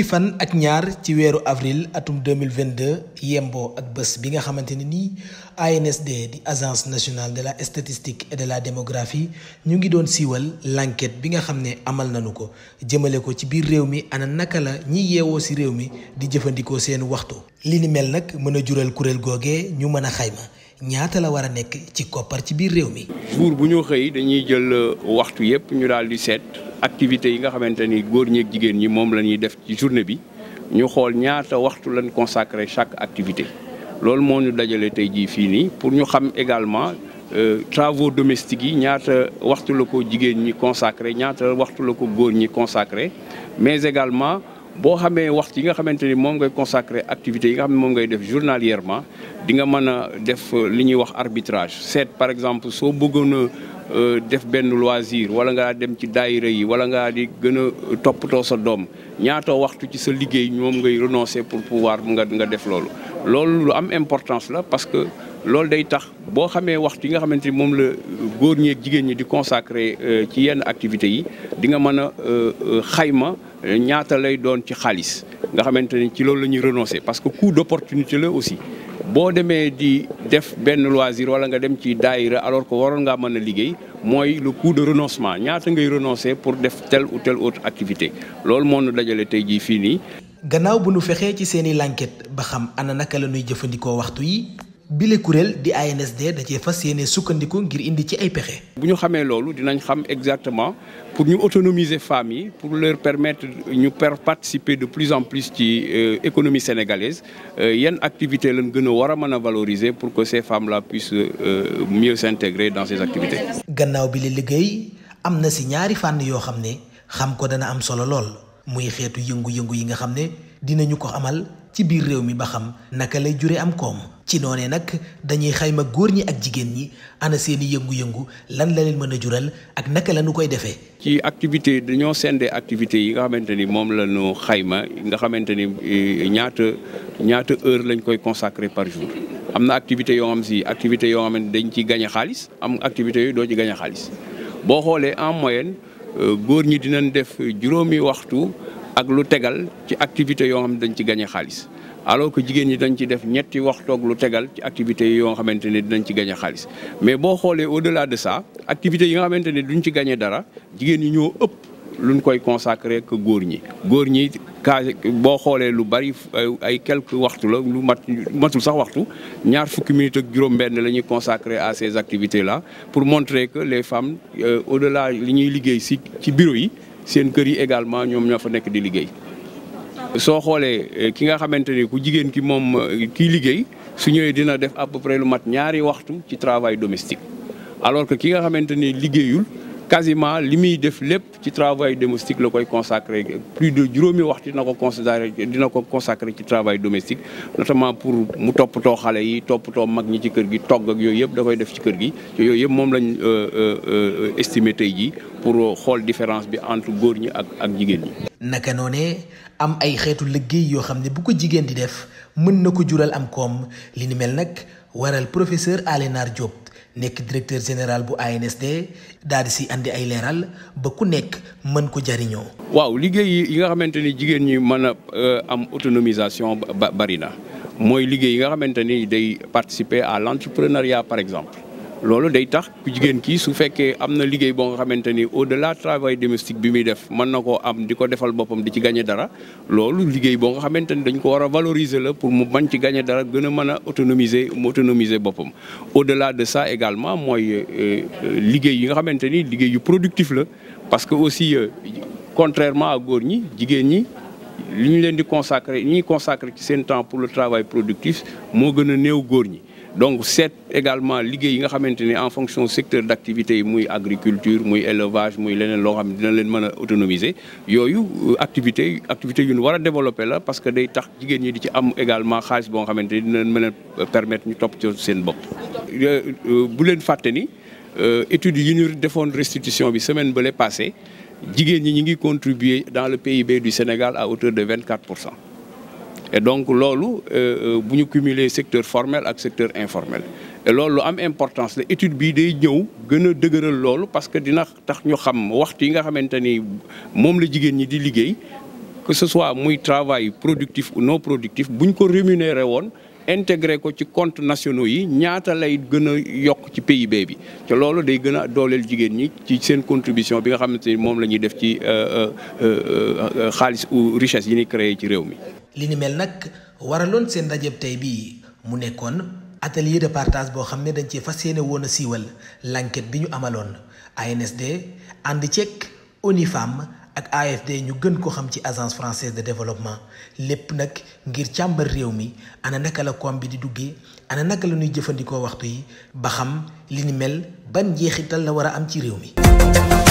fukki fan ak ñaar ci weeru avril atum 2022 yemboo ak bés bi nga xamante ne nii ANSD di agence nationale de la statistique de la démographie ñu ngi doon siiwal l'enquête bi nga xam ne amal nañu ko jëmale ko ci biir réew mi ana naka la ñi yeewoo ci réew mi di jëfandikoo seen waxtu li ni mel nag mën a jural kuréel googee ñu mën a xayma ñaata la war a nekk ci koppar ci biir réew mi. jour bu ñu xëy dañuy jël euh, waxtu yëpp ñu daal di seet activités yi nga xamante ni góor ñeeg jigéen ñi moom la ñuy def ci journée bi ñu xool ñaata waxtu lañ consacré chaque activité. loolu moo ñu dajale tey jii fii nii pour ñu xam également euh, travaux domestiques yi ñaata waxtu la ko jigéen ñi consacré ñaata waxtu la ko góor ñi consacré mais également. boo xamee waxtu yi nga xamante ni moom ngay consacré activité yi nga xam moom ngay def journalièrement di nga mën a def euh, li ñuy wax arbitrage seet par exemple soo bëggoon a euh, def benn loisir wala ngaa dem ci daayira yi wala ngaa di gën a euh, toppatoo sa doom ñaata waxtu ci sa liggéey moom ngay renoncer pour pouvoir nga nga def loolu loolu am importance la parce que loolu day tax boo xamee waxtu yi nga xamante ni moom la góor ñeeg jigéen ñi di consacré euh, ci yenn activités yi di nga mën a euh, euh, xayma ñaata lay doon ci xaalis nga xamante ni ci loolu la ñuy renoncer parce que coût d'opportunité la aussi boo demee di def benn loisir wala nga dem ci daayira alors que waroon ngaa mën a liggéey mooy le coût de renoncement ñaata ngay renoncer pour def tel ou telle autre activité loolu moo nu dajale tey jii fii nii. gannaaw bu nu fexee ci seeni lànket ba xam ana naka la ñuy jëfandikoo waxtu yi. bile kuréel di ANSD da cee fas yéene sukkandiku ngir indi ci ay pexe. bu ñu xamee loolu dinañ xam exactement pour ñu autonomiser femmes yi pour leur permettre ñu per participer de plus en plus ci euh, économie sénégalaise euh, yan activité lañ gën a war a mën a valoriser pour que ces femmes là puissent euh, mieux s'intégrer dans ces activités. gannaaw bi li liggéey am na si ñaari fànn yoo xam ne xam ko dana am solo lool muy xeetu yëngu-yëngu yi nga xam ne dinañu ko amal ci biir réew mi ba xam naka lay jure am koom. ci noonee nag dañuy xayma góor ñi ak jigéen ñi ana seeni yëngu-yëngu lan la mën a jural ak naka la ñu koy defee. ci activité dañoo sendee activités yi nga xamante ni moom la ñu xayma nga xamante ni eh, ñaata ñaata heure lañ koy consacré par jour. am na activité yoo xam si activité yoo xamante dañ ci gañe xaalis am activité yooyu doo ci gañe xaalis boo xoolee en moyenne eh, góor ñi dinañ def juróomi waxtu ak lu tegal ci activité yoo xam dañ ci gañe xaalis. alors que jigéen ñi dañu ci def ñetti waxtoog lu tegal ci activités yoo xamante ne dinañ ci gagné xaalis mais boo xoolee au delà de ça activités yi nga xamante ne duñ ci gagné dara jigéen ñi ñoo ëpp lu ñu koy consacré que góor ñi góor ñi ka boo xoolee lu bari ay quelques waxtu la lu mat matul sax waxtu ñaar fukki minutes ak juróom-benn la ñuy consacré à ces activités la pour montrer que les femmes euh, au delà li ñuy liggéey si ci bureau yi seen kër yi également ñoom ñoo fa nekk di liggéey. soo xoolee eh, ki nga xamante ni ku jigéen ki moom eh, kiy liggéey su ñëwee dina def à peu lu mat ñaari waxtu ci travail domestique alors ki nga xamante ni liggéeyul quasiment li muy def lépp ci travail domestique la koy consacré plus de juróomi waxtu dina ko considéré dina ko consacré ci travail domestique notamment pour mu toppatoo xale yi toppatoo mag ñi ci kër gi togg ak yooyu yëpp da koy def ci kër gi yooyu yëpp moom lañ euh, euh, euh, estimé tey jii pour xool différence bi entre góor ñi ak ak jigéen ñi. naka noonee am ay xeetu liggéey yoo xam ne bu ko jigéen di def mën na ko jural am koom li ni mel nag waral professeur Alé Diop. nekk directeur général bu ANSD daal di si andi ay leeral ba ku nekk mën ko jariñoo waaw liggéey yi nga xamante ni jigéen ñi mën a euh, am autonomisation ba bari na mooy liggéey yi nga xamante ni day participer à l'entrepreneuriat par exemple loolu day tax ku jigéen kii su fekkee am na liggéey boo nga xamante ni au delà travail domestique bi muy def mën na koo am di ko defal boppam di ci gagné dara loolu liggéey boo nga xamante ni dañ ko war a valoriser la pour mu bañ ci gagné dara gën a mën a autonomiser mu autonomiser boppam. au delà de sa également mooy euh, liggéey yi nga xamante ni liggéey yu productif la parce que aussi euh, contrairement à góor ñi jigéen ñi. li ñu leen di consacré li ñuy consacré ci seen temps pour le travail productif moo gën a néew góor ñi donc seet également liggéey yi nga xamante ni en fonction secteur d' activité yi muy agriculture muy élevage muy leneen loo xam ne dina leen mën a autonomiser yooyu euh, activité activité yu ñu war a développer la parce que day tax jigéen ñi di ci am également xaalis boo xamante ni dina mën a euh, permettre ñu topp ci seen bopp. Euh, bu leen fàtte ni études yi ñu defoon restitution bi semaine bële passé jigéen ñi ñu ngi contribuer dans le PIB du Sénégal a hauteur de vingt quatre pour cent. et donc loolu euh, euh, bu ñu cumuler secteur formel ak secteur informel et loolu am importance la étude bii day ñëw gën a dëgëral loolu parce que dina tax ñu xam waxtu yi nga xamante ni moom la jigéen ñi di liggéey que ce soit muy travail productif ou non productif ñu ko rémunéré woon intégré ko ci comptes nationaux yi ñaata lay gën a yokk ci PIB bi te loolu day gën a dooleel jigéen ñi ci seen contribution bi nga xamante ni moom lañuy def ci euh, euh, euh, xaalis ou richesse yi ñuy créer ci réew mi. li ni mel nag waraloon seen ndaje tey bii mu nekkoon atelier de partage boo xam ne dañ cee fas yéene woon siiwal l'enquête bi ñu amaloon ANSD ànd ceeg ONU Femmes ak AFD ñu gën ko xam ci agence française de développement lépp nag ngir càmbar réew mi ana naka la koom bi di duggee ana naka la ñuy jëfandikoo waxtu yi ba xam li ni mel ban njeexital la war a am ci réew mi.